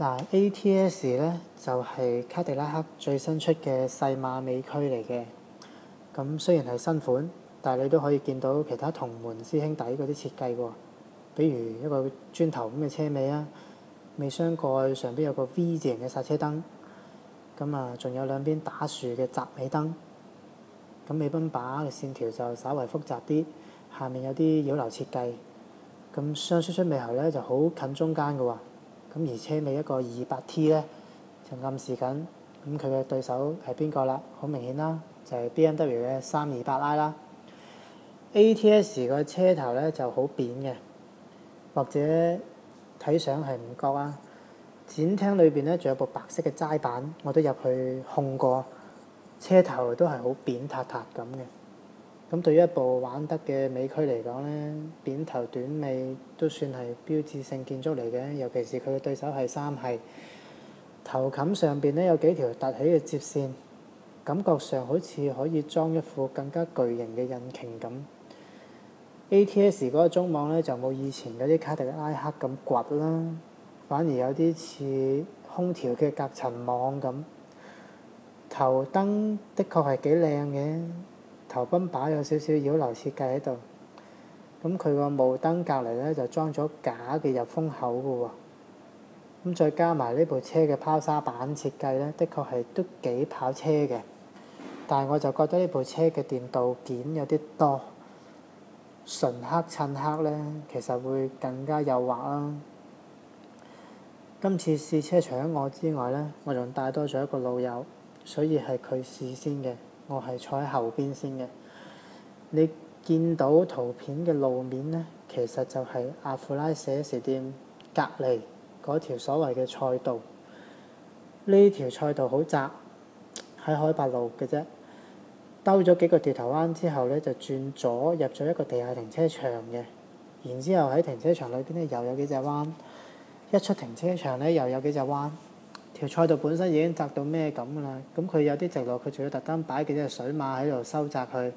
嗱，ATS 咧就係卡迪拉克最新出嘅細馬尾區嚟嘅，咁雖然係新款，但係你都可以見到其他同門師兄弟嗰啲設計喎。比如一個磚頭咁嘅車尾啊，尾箱蓋上邊有個 V 字形嘅煞車燈，咁啊，仲有兩邊打豎嘅窄尾燈，咁尾笨把嘅線條就稍為複雜啲，下面有啲擾流設計，咁雙輸出尾喉咧就好近中間嘅喎。咁而車尾一個二八 T 咧，就暗示緊咁佢嘅對手係邊個啦？好明顯啦，就係、是、B M W 嘅三二八 I 啦。A T S 個車頭咧就好扁嘅，或者睇相係唔覺啊。展廳裏邊咧仲有部白色嘅齋板，我都入去控過，車頭都係好扁塌塌咁嘅。咁對於一部玩得嘅美區嚟講呢，扁頭短尾都算係標誌性建築嚟嘅，尤其是佢嘅對手係三系，頭冚上邊呢，有幾條凸起嘅接線，感覺上好似可以裝一副更加巨型嘅引擎咁。ATS 嗰個中網呢，就冇以前嗰啲卡迪拉克咁刮啦，反而有啲似空調嘅隔塵網咁。頭燈的確係幾靚嘅。頭泵把有少少擾流設計喺度，咁佢個霧燈隔離呢就裝咗假嘅入風口嘅喎，咁再加埋呢部車嘅拋沙板設計呢，的確係都幾跑車嘅，但係我就覺得呢部車嘅電鍍件有啲多，純黑襯黑呢其實會更加誘惑啦。今次試車除咗我之外呢，我仲帶多咗一個老友，所以係佢試先嘅。我係坐喺後邊先嘅。你見到圖片嘅路面呢，其實就係阿富拉四 S 店隔離嗰條所謂嘅賽道。呢條賽道好窄，喺海八路嘅啫。兜咗幾個地頭彎之後呢，就轉左入咗一個地下停車場嘅。然之後喺停車場裏邊呢，又有幾隻彎，一出停車場呢，又有幾隻彎。條賽道本身已經窄到咩咁噶啦，咁佢有啲直路，佢仲要特登擺幾隻水馬喺度收窄佢。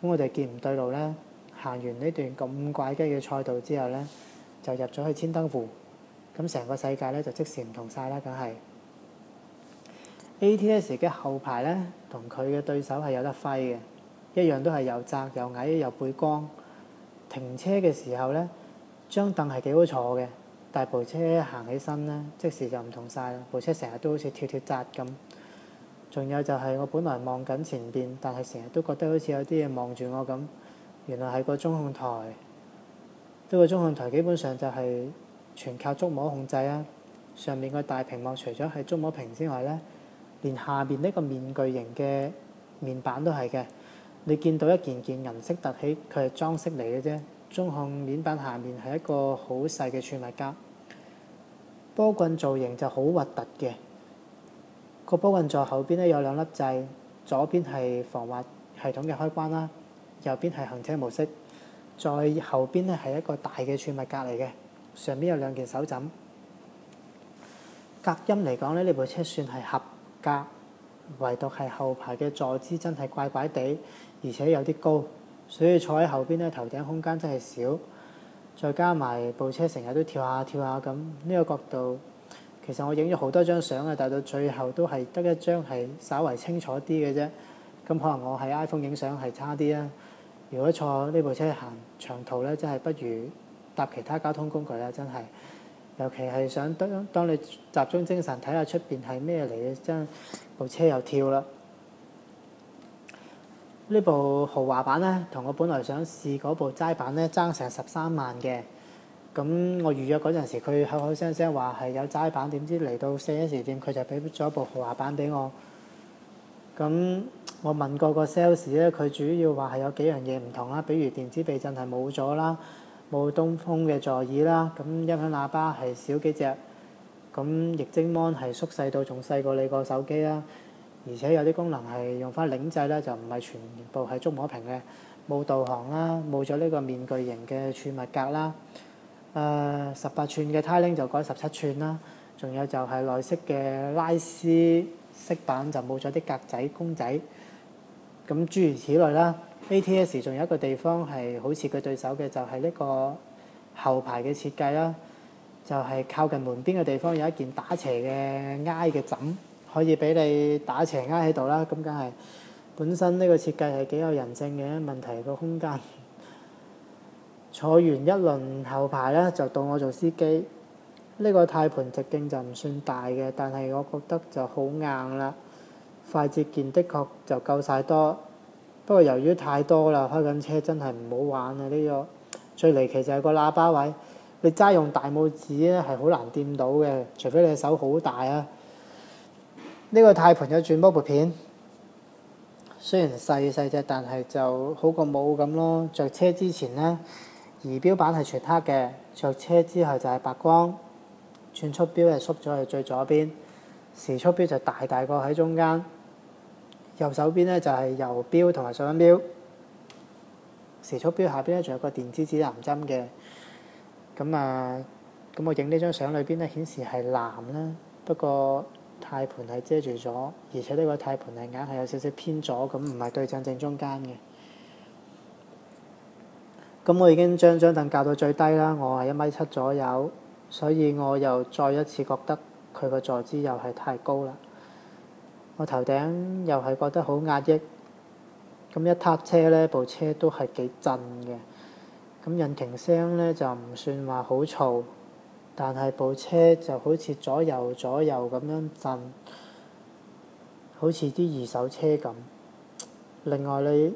咁我哋見唔對路咧，行完呢段咁怪雞嘅賽道之後咧，就入咗去千燈湖。咁成個世界咧就即時唔同曬啦，梗係。ATS 嘅後排咧，同佢嘅對手係有得揮嘅，一樣都係又窄又矮又背光。停車嘅時候咧，張凳係幾好坐嘅。大部車行起身呢，即時就唔同晒啦！部車成日都好似跳跳扎咁。仲有就係我本來望緊前邊，但係成日都覺得好似有啲嘢望住我咁。原來係個中控台。呢個中控台基本上就係全靠觸摸控制啊。上面個大屏幕除咗係觸摸屏之外呢，連下面呢個面具型嘅面板都係嘅。你見到一件件銀色凸起，佢係裝飾嚟嘅啫。中控面板下面係一個好細嘅儲物格，波棍造型就好核突嘅。個波棍座後邊咧有兩粒掣，左邊係防滑系統嘅開關啦，右邊係行車模式。再後邊咧係一個大嘅儲物格嚟嘅，上面有兩件手枕。隔音嚟講咧，呢部車算係合格，唯獨係後排嘅坐姿真係怪怪地，而且有啲高。所以坐喺後邊咧，頭頂空間真係少，再加埋部車成日都跳下跳下咁，呢個角度其實我影咗好多張相啊，但到最後都係得一張係稍為清楚啲嘅啫。咁可能我喺 iPhone 影相係差啲啦。如果坐呢部車行長途呢，真係不如搭其他交通工具啦，真係。尤其係想當當你集中精神睇下出邊係咩嚟嘅，真部車又跳啦。呢部豪華版咧，同我本來想試嗰部齋版咧爭成十三萬嘅，咁我預約嗰陣時，佢口口聲聲話係有齋版，點知嚟到 4S 店佢就俾咗部豪華版俾我。咁我問過個 sales 咧，佢主要話係有幾樣嘢唔同啦，比如電子避震係冇咗啦，冇東風嘅座椅啦，咁音響喇叭係少幾隻，咁液晶 mon 係縮細到仲細過你個手機啦。而且有啲功能係用翻鈴掣啦，就唔係全部係觸摸屏嘅，冇導航啦，冇咗呢個面具型嘅儲物格啦，誒十八寸嘅呔鈴就改十七寸啦，仲有就係內飾嘅拉絲色板就冇咗啲格仔公仔，咁諸如此類啦。ATS 仲有一個地方係好似佢對手嘅，就係、是、呢個後排嘅設計啦，就係、是、靠近門邊嘅地方有一件打斜嘅挨嘅枕。可以俾你打斜挨喺度啦，咁梗係本身呢個設計係幾有人性嘅。問題個空間 坐完一輪後排呢，就到我做司機。呢個軚盤直徑就唔算大嘅，但係我覺得就好硬啦。快捷鍵的確就夠晒多，不過由於太多啦，開緊車真係唔好玩啊！呢個最離奇就係個喇叭位，你齋用大拇指呢係好難掂到嘅，除非你手好大啊！呢個軚盤有轉波撥片，雖然細細隻，但係就好過冇咁咯。着車之前呢，儀表板係全黑嘅；着車之後就係白光，轉速表係縮咗喺最左邊，時速表就大大個喺中間，右手邊呢就係油表同埋水溫表，時速表下邊呢仲有個電子指南針嘅。咁啊，咁我影呢張相裏邊呢顯示係藍啦，不過，軚盤係遮住咗，而且呢個軚盤係硬係有少少偏左，咁唔係對正正中間嘅。咁我已經將張凳校到最低啦，我係一米七左右，所以我又再一次覺得佢個坐姿又係太高啦。我頭頂又係覺得好壓抑，咁一撻車呢，部車都係幾震嘅，咁引擎聲呢，就唔算話好嘈。但係部車就好似左右左右咁樣震，好似啲二手車咁。另外你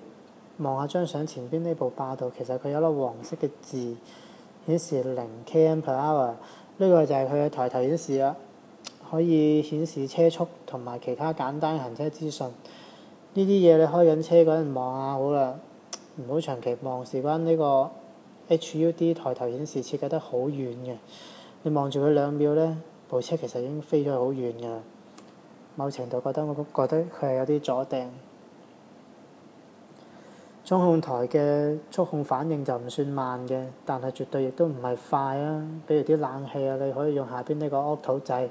望下張相前邊呢部霸道，其實佢有粒黃色嘅字顯示零 Km per hour，呢個就係佢嘅抬頭顯示啦。可以顯示車速同埋其他簡單行車資訊。呢啲嘢你開緊車嗰陣望下好啦，唔好長期望。事關呢個 HUD 抬頭顯示設計得好遠嘅。你望住佢兩秒呢，部車其實已經飛咗好遠㗎。某程度覺得我覺得佢係有啲阻定，中控台嘅觸控反應就唔算慢嘅，但係絕對亦都唔係快啊。比如啲冷氣啊，你可以用下邊呢個 auto 掣，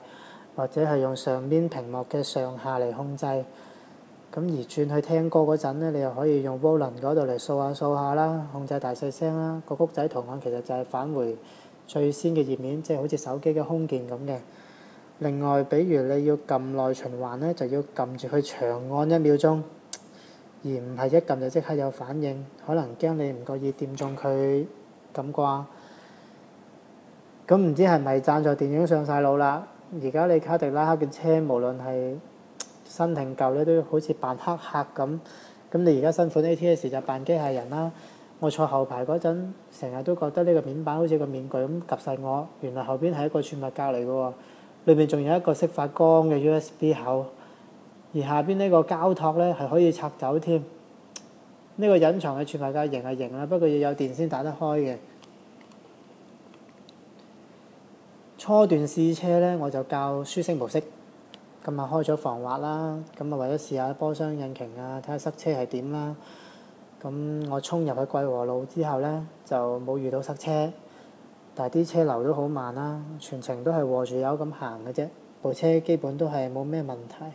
或者係用上面屏幕嘅上下嚟控制。咁而轉去聽歌嗰陣咧，你又可以用 volume 嗰度嚟掃下掃下啦，控制大細聲啦。那個曲仔圖案其實就係返回。最先嘅頁面，即係好似手機嘅空鍵咁嘅。另外，比如你要撳內循環呢，就要撳住去長按一秒鐘，而唔係一撳就即刻有反應。可能驚你唔覺意掂中佢咁啩。咁唔知係咪贊助電影上晒腦啦？而家你卡迪拉克嘅車，無論係新定舊呢，都好似扮黑客咁。咁你而家新款 ATS 就扮機械人啦。我坐後排嗰陣，成日都覺得呢個面板好似個面具咁夾晒我。原來後邊係一個儲物格嚟嘅喎，裏邊仲有一個識發光嘅 USB 口。而下邊呢個膠托呢，係可以拆走添。呢個隱藏嘅儲物格型係型啦，不過要有電先打得開嘅。初段試車呢，我就校舒適模式，咁啊開咗防滑啦，咁啊為咗試下波箱引擎啊，睇下塞車係點啦。咁我衝入去貴和路之後呢，就冇遇到塞車，但係啲車流都好慢啦、啊。全程都係和住油咁行嘅啫，部車基本都係冇咩問題。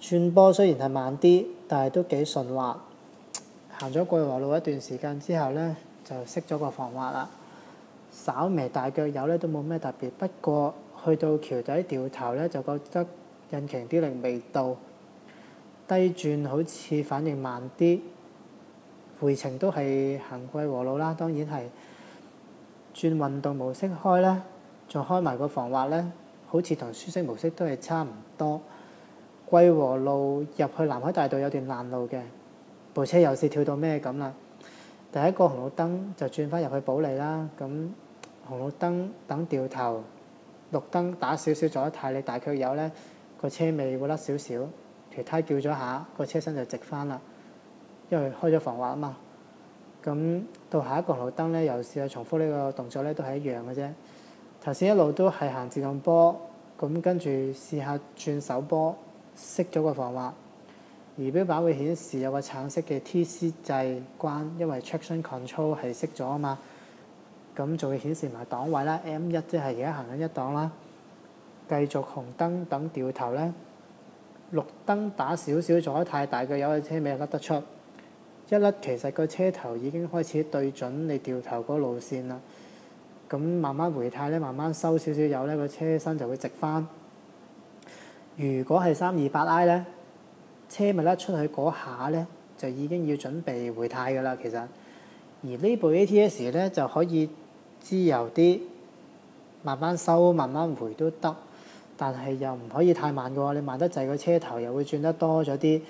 轉波雖然係慢啲，但係都幾順滑。行咗貴和路一段時間之後呢，就熄咗個防滑啦。稍微大腳油呢都冇咩特別，不過去到橋底掉頭呢，就覺得引擎啲力未到，低轉好似反應慢啲。回程都係行貴和路啦，當然係轉運動模式開咧，仲開埋個防滑咧，好似同舒適模式都係差唔多。貴和路入去南海大道有段爛路嘅，部車又是跳到咩咁啦！第一個紅綠燈就轉翻入去保利啦，咁、嗯、紅綠燈等掉頭，綠燈打少少左一軚，你大腳油咧，個車尾會甩少少，條胎叫咗下，個車身就直翻啦。因為開咗防滑啊嘛，咁到下一個紅燈咧，又試下重複呢個動作咧，都係一樣嘅啫。頭先一路都係行自動波，咁跟住試下轉手波，熄咗個防滑，儀表板會顯示有個橙色嘅 T C 掣關，因為 traction control 係熄咗啊嘛。咁仲會顯示埋檔位啦，M 一即係而家行緊一檔啦。繼續紅燈等調頭咧，綠燈打少少左，太大嘅有架車尾甩得出。一甩，其實個車頭已經開始對準你掉頭個路線啦。咁慢慢回軚咧，慢慢收少少油咧，個車身就會直翻。如果係三二八 I 咧，車咪甩出去嗰下咧，就已經要準備回軚㗎啦。其實而呢部 A T S 咧就可以自由啲，慢慢收、慢慢回都得。但係又唔可以太慢嘅話，你慢得滯，個車頭又會轉得多咗啲，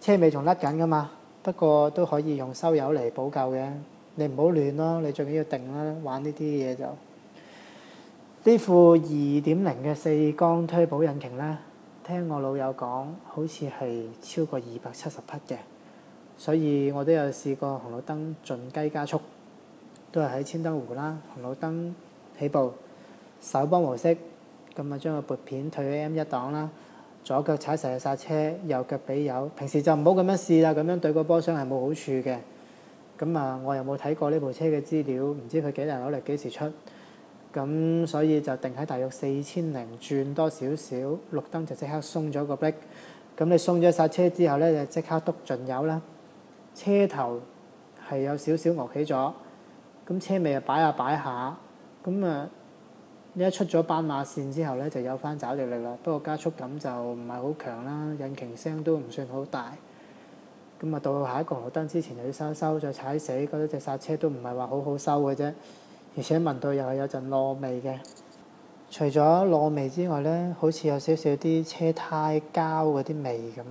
車尾仲甩緊㗎嘛。不過都可以用收油嚟補救嘅，你唔好亂咯，你最緊要定啦，玩呢啲嘢就。呢副二點零嘅四缸推補引擎咧，聽我老友講，好似係超過二百七十匹嘅，所以我都有試過紅綠燈盡雞加速，都係喺千燈湖啦，紅綠燈起步，手波模式，咁啊將個撥片退去 M 一檔啦。左腳踩實嘅煞車，右腳俾油。平時就唔好咁樣試啦，咁樣對個波箱係冇好處嘅。咁啊，我又冇睇過呢部車嘅資料，唔知佢幾大扭力幾時出。咁所以就定喺大約四千零轉多少少，綠燈就即刻鬆咗個 brake。咁你鬆咗一煞車之後呢，就即刻篤盡油啦。車頭係有少少鵲起咗，咁車尾啊擺下擺下，咁啊～一出咗斑馬線之後呢，就有翻抓地力啦。不過加速感就唔係好強啦，引擎聲都唔算好大。咁啊，到下一個紅綠燈之前又要收收再踩死，覺得隻煞車都唔係話好好收嘅啫。而且聞到又係有陣落味嘅。除咗落味之外呢，好似有少少啲車胎膠嗰啲味咁。